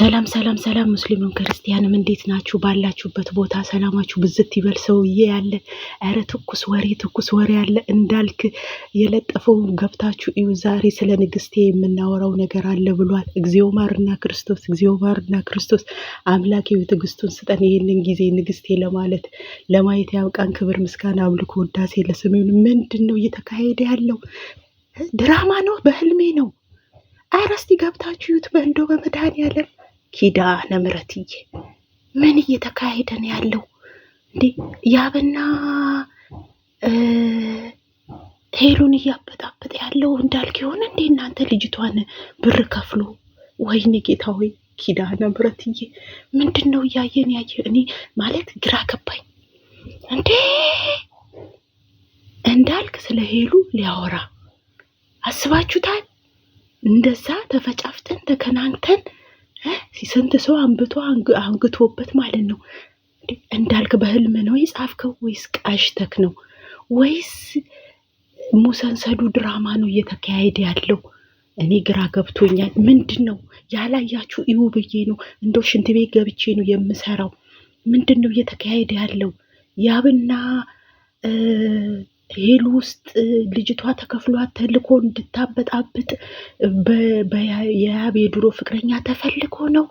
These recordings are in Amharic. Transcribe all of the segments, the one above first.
ሰላም ሰላም ሰላም፣ ሙስሊሙም ክርስቲያንም እንዴት ናችሁ? ባላችሁበት ቦታ ሰላማችሁ ብዝት ይበል። ሰውዬ ያለ ኧረ ትኩስ ወሬ ትኩስ ወሬ ያለ እንዳልክ የለጠፈው ገብታችሁ እዩ። ዛሬ ስለ ንግስቴ የምናወራው ነገር አለ ብሏል። እግዚኦ ማርና ክርስቶስ፣ እግዚኦ ማርና ክርስቶስ። አምላኬ ትዕግስቱን ስጠን፣ ይህንን ጊዜ ንግስቴ ለማለት ለማየት ያብቃን። ክብር ምስጋና፣ አምልኮ፣ ውዳሴ ለስሜን። ምንድን ነው እየተካሄደ ያለው? ድራማ ነው? በህልሜ ነው? አረስቲ እስቲ ገብታችሁ ዩት በእንዶ በመድኃኔዓለም ኪዳነ ምሕረትዬ ምን እየተካሄደ ነው ያለው? እንዴ ያብና ሄሉን እያበጣበጠ ያለው እንዳልክ የሆነ እንዴ እናንተ ልጅቷን ብር ከፍሎ ወይኔ ጌታ ወይ ኪዳነ ምሕረትዬ ምንድን ነው እያየን ያየ እኔ ማለት ግራ ገባኝ። እንዴ እንዳልክ ስለ ሄሉ ሊያወራ አስባችሁታል? እንደዛ ተፈጫፍተን ተከናንተን ስንት ሰው አንብቶ አንግቶበት ማለት ነው። እንዳልክ በህልም ነው የጻፍከው ወይስ ቃሽተክ ነው ወይስ ሙሰንሰዱ ድራማ ነው እየተካሄደ ያለው? እኔ ግራ ገብቶኛል። ምንድን ነው ያላያችሁ ይሁ ብዬ ነው። እንደው ሽንት ቤት ገብቼ ነው የምሰራው። ምንድን ነው እየተካሄደ ያለው ያብና ሄል ውስጥ ልጅቷ ተከፍሏት ተልኮ እንድታበጣብጥ የያብ የድሮ ፍቅረኛ ተፈልጎ ነው።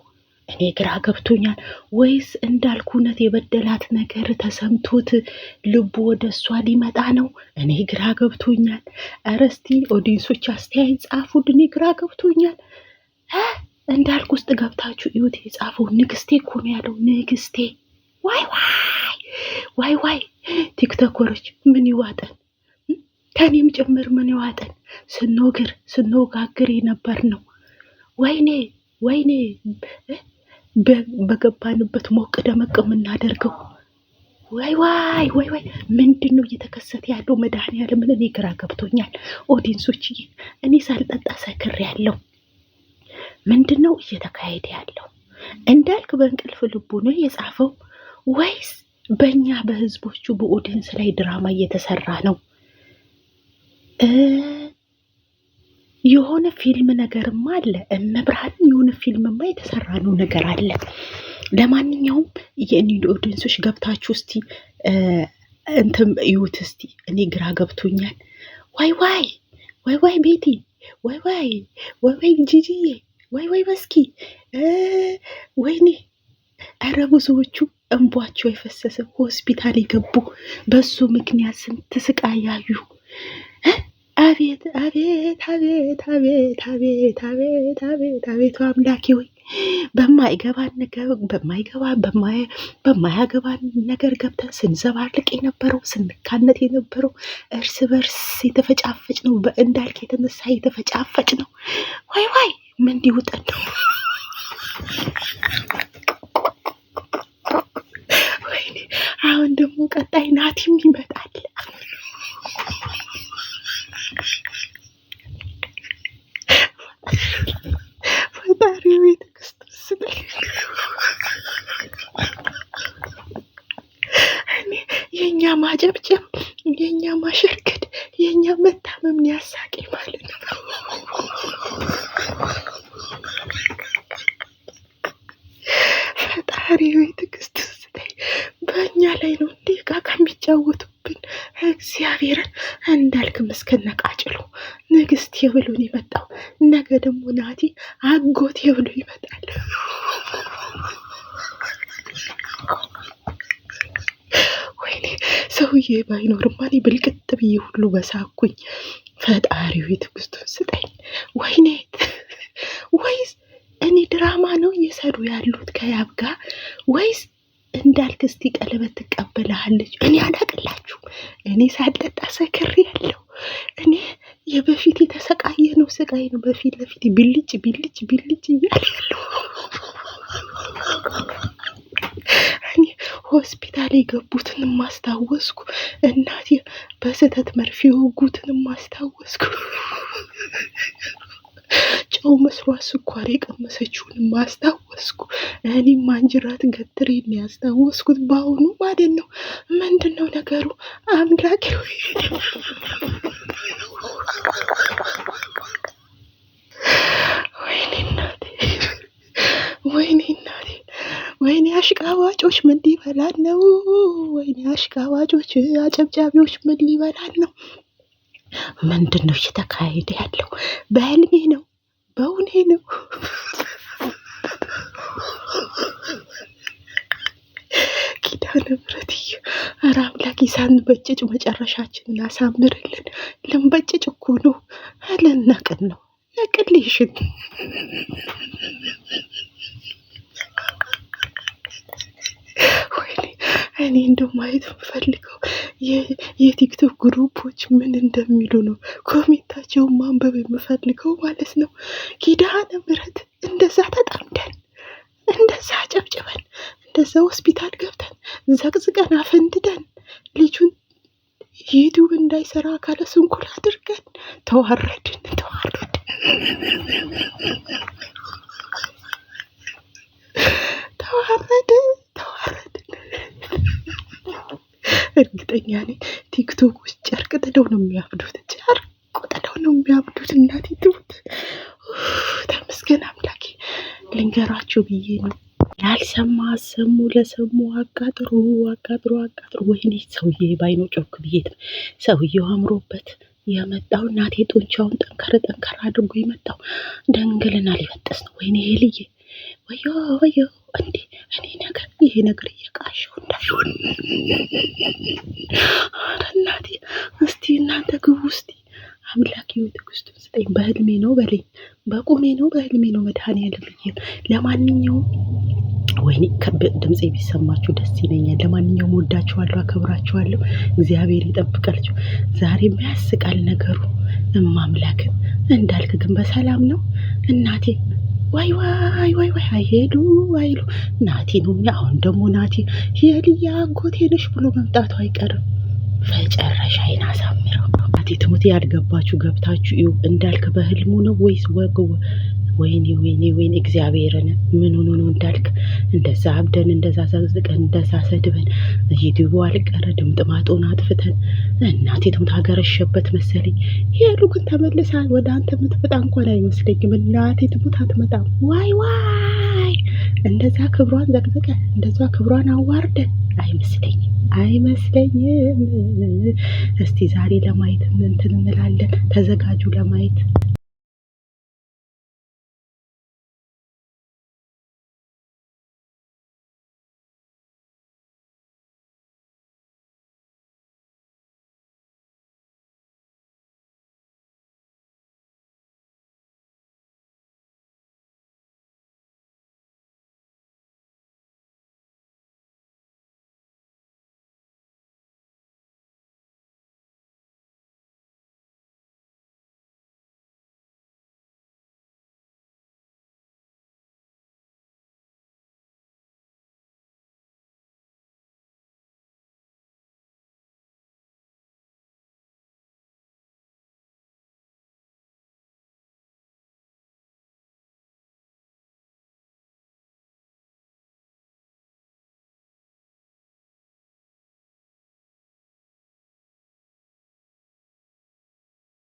እኔ ግራ ገብቶኛል። ወይስ እንዳልኩ እውነት የበደላት ነገር ተሰምቶት ልቡ ወደ እሷ ሊመጣ ነው? እኔ ግራ ገብቶኛል። ኧረ እስቲ ኦዲንሶች አስተያየት ጻፉ። እኔ ግራ ገብቶኛል። እንዳልኩ ውስጥ ገብታችሁ እዩት። የጻፈው ንግስቴ እኮ ነው ያለው። ንግስቴ ዋይ ዋይ ዋይ ዋይ ቲክቶከሮች ምን ይዋጠን ከኔም ጭምር ምን ይዋጠን ስንወግር ስንወጋግር የነበር ነው። ወይኔ ወይኔ በገባንበት ሞቅ ደመቅ የምናደርገው ወይ ዋይ ወይ ወይ ምንድን ነው እየተከሰተ ያለው? ያለምን እኔ ግራ ገብቶኛል። ኦዲንሶችዬ እኔ ሳልጠጣ ሰክር ያለው ምንድን ነው እየተካሄደ ያለው? እንዳልክ በእንቅልፍ ልቡ ነው የጻፈው። ወይስ በእኛ በህዝቦቹ በኦዲንስ ላይ ድራማ እየተሰራ ነው? የሆነ ፊልም ነገርማ አለ። እመብርሃን የሆነ ፊልምማ የተሰራ ነው ነገር አለ። ለማንኛውም የእኔ ኦዲንሶች ገብታችሁ እስቲ እንትን እዩት እስቲ። እኔ ግራ ገብቶኛል። ዋይ ዋይ ዋይ ዋይ ቤቲ ዋይ ዋይ ዋይ ዋይ ጂጂዬ ዋይ ዋይ በስኪ ወይኔ እረ ብዙዎቹ እንቧቸው የፈሰሰ ሆስፒታል የገቡ በሱ ምክንያት ስንት ስቃይ ያዩ። አቤት አቤት አቤት አቤት አቤት አቤት አቤት አቤቱ አምላኬ ሆይ በማይገባን ነገር በማይገባን በማያገባን ነገር ገብተን ስንዘባርቅ የነበረው ስንካነት የነበረው እርስ በርስ የተፈጫፈጭ ነው። በእንዳልክ የተነሳ የተፈጫፈጭ ነው። ወይ ወይ ምን ሊውጠን ነው? ደግሞ ቀጣይ ናቲም ይመጣል። ፈጣሪ ቤተ ክርስቶስ እኔ የእኛ ማጨብጨብ፣ የእኛ ማሸርገድ የእኛ መታመም ያሳቂ ማለት ነው። ፈጣሪ ቤተ ክርስቶስ እኛ ላይ ነው እንዴ ዕቃ የሚጫወቱብን? እግዚአብሔርን እንዳልክ እስከነቃጭሉ ንግስት የብሉን የመጣው ነገ ደግሞ ናቲ አጎት የብሉ ይመጣል። ወይኔ ሰውዬ ባይኖርማ እኔ ብልቅጥ ብዬ ሁሉ በሳኩኝ። ፈጣሪው የትዕግስቱን ስጠኝ። ወይኔ ወይስ እኔ ድራማ ነው እየሰሩ ያሉት ከያብ ጋር ወይስ እንዳልክ እስቲ ቀለበት ትቀበልሃለች። እኔ አላቅላችሁ። እኔ ሳልጠጣ ሰክሬ ያለው እኔ የበፊት የተሰቃየ ነው ስቃይ ነው። በፊት ለፊት ብልጭ ብልጭ ብልጭ እያለ ያለው እኔ ሆስፒታል የገቡትን ማስታወስኩ። እናቴ በስህተት መርፌ የወጉትን ማስታወስኩ። ጨው መስሏት ስኳር የቀመሰችውን ማስታወስኩ። እኔ ማንጅራት ገትር የሚያስታወስኩት በአሁኑ ማለት ነው። ምንድን ነው ነገሩ? አምላክ ወይኔ እናቴ፣ ወይኔ እናቴ፣ ወይኔ አሽቃባጮች ምን ሊበላን ነው? ወይኔ አሽቃባጮች፣ አጨብጫቢዎች ምን ሊበላን ነው? ምንድን ነው እየተካሄደ ያለው? በህልሜ ነው? በእውኔ ነው? ኪዳነ ምሕረትዬ፣ ኧረ አምላክ በጭጭ መጨረሻችንን አሳምርልን። ልንበጭጭ እኮ ነው፣ አለን። ልንነቅል ነው። ነቅልሽን ወይኔ እኔ እንደው ማየት ምፈልግ የቲክቶክ ግሩፖች ምን እንደሚሉ ነው ኮሜንታቸውን ማንበብ የምፈልገው ማለት ነው። ኪዳነ ምሕረት እንደዛ ተጠምደን እንደዛ ጨብጭበን እንደዛ ሆስፒታል ገብተን ዘቅዝቀን አፈንድደን ልጁን ዩቱብ እንዳይሰራ አካለ ስንኩል አድርገን ተዋረድን ተዋረድን። ተዋረድን እርግጠኛ ነኝ ቲክቶክ ውስጥ ጨርቅ ጥደው ነው የሚያብዱት። ጨርቅ ጥደው ነው የሚያብዱት። እናቴ ትሙት ተመስገን አምላኬ። ልንገራችሁ ብዬ ነው ያልሰማ ሰሙ ለሰሙ አቃጥሩ፣ አቃጥሩ፣ አቃጥሩ። ወይኔ ሰውዬ ባይኖ ጮክ ብዬት ነው ሰውዬው አምሮበት የመጣው እናቴ ጡንቻውን ጠንከር ጠንከር አድርጎ የመጣው ደንግልና ሊበጠስ ነው። ወይኔ ይሄ ልዬ ወዮ ወዮ እንዴ እኔ ነገር ይሄ ነገር እየቃሸው እንዳይሆን እናቴ። እስቲ እናንተ ግቡ እስቲ አምላክ ትዕግስቱን ስጠኝ። በህልሜ ነው በለኝ፣ በቁሜ ነው በህልሜ ነው መድኃኔዓለም ብዬ ለማንኛውም ወይኔ ድምፄ ቢሰማችሁ ደስ ይለኛል። ለማንኛውም ወዳችኋለሁ፣ አከብራችኋለሁ። እግዚአብሔር ይጠብቃችሁ። ዛሬ ያስቃል ነገሩ እማምላክን እንዳልክ ግን በሰላም ነው እናቴ ዋይ ዋይ ዋይ ዋይ አይሄዱ አይሉ ናቲ ነው። አሁን ደግሞ ናቲ የልያ አጎቴ ነሽ ብሎ መምጣቱ አይቀርም። መጨረሻ አይን አሳምረው ናቲ ትሙት። ያልገባችሁ ገብታችሁ እዩ። እንዳልክ በህልሙ ነው ወይስ ወግ ወይኔ ወይኔ ወይኔ እግዚአብሔርን ምን ሆኖ ነው እንዳልክ እንደዛ አብደን እንደዛ ዘቅዝቀን እንደዛ ሰድበን ዩቲዩቡ አልቀረ ድምጥማጡን አጥፍተን እናቴ ትሙት ሀገር ሸበት መሰለኝ። ሄሉ ግን ተመልሳ ወደ አንተ የምትመጣ እንኳን አይመስለኝም። እናቴ ትሙት አትመጣም። ዋይ ዋይ እንደዛ ክብሯን ዘቅዘቀ እንደዛ ክብሯን አዋርደ አይመስለኝም አይመስለኝም። እስቲ ዛሬ ለማየት እንትን እንላለን። ተዘጋጁ ለማየት።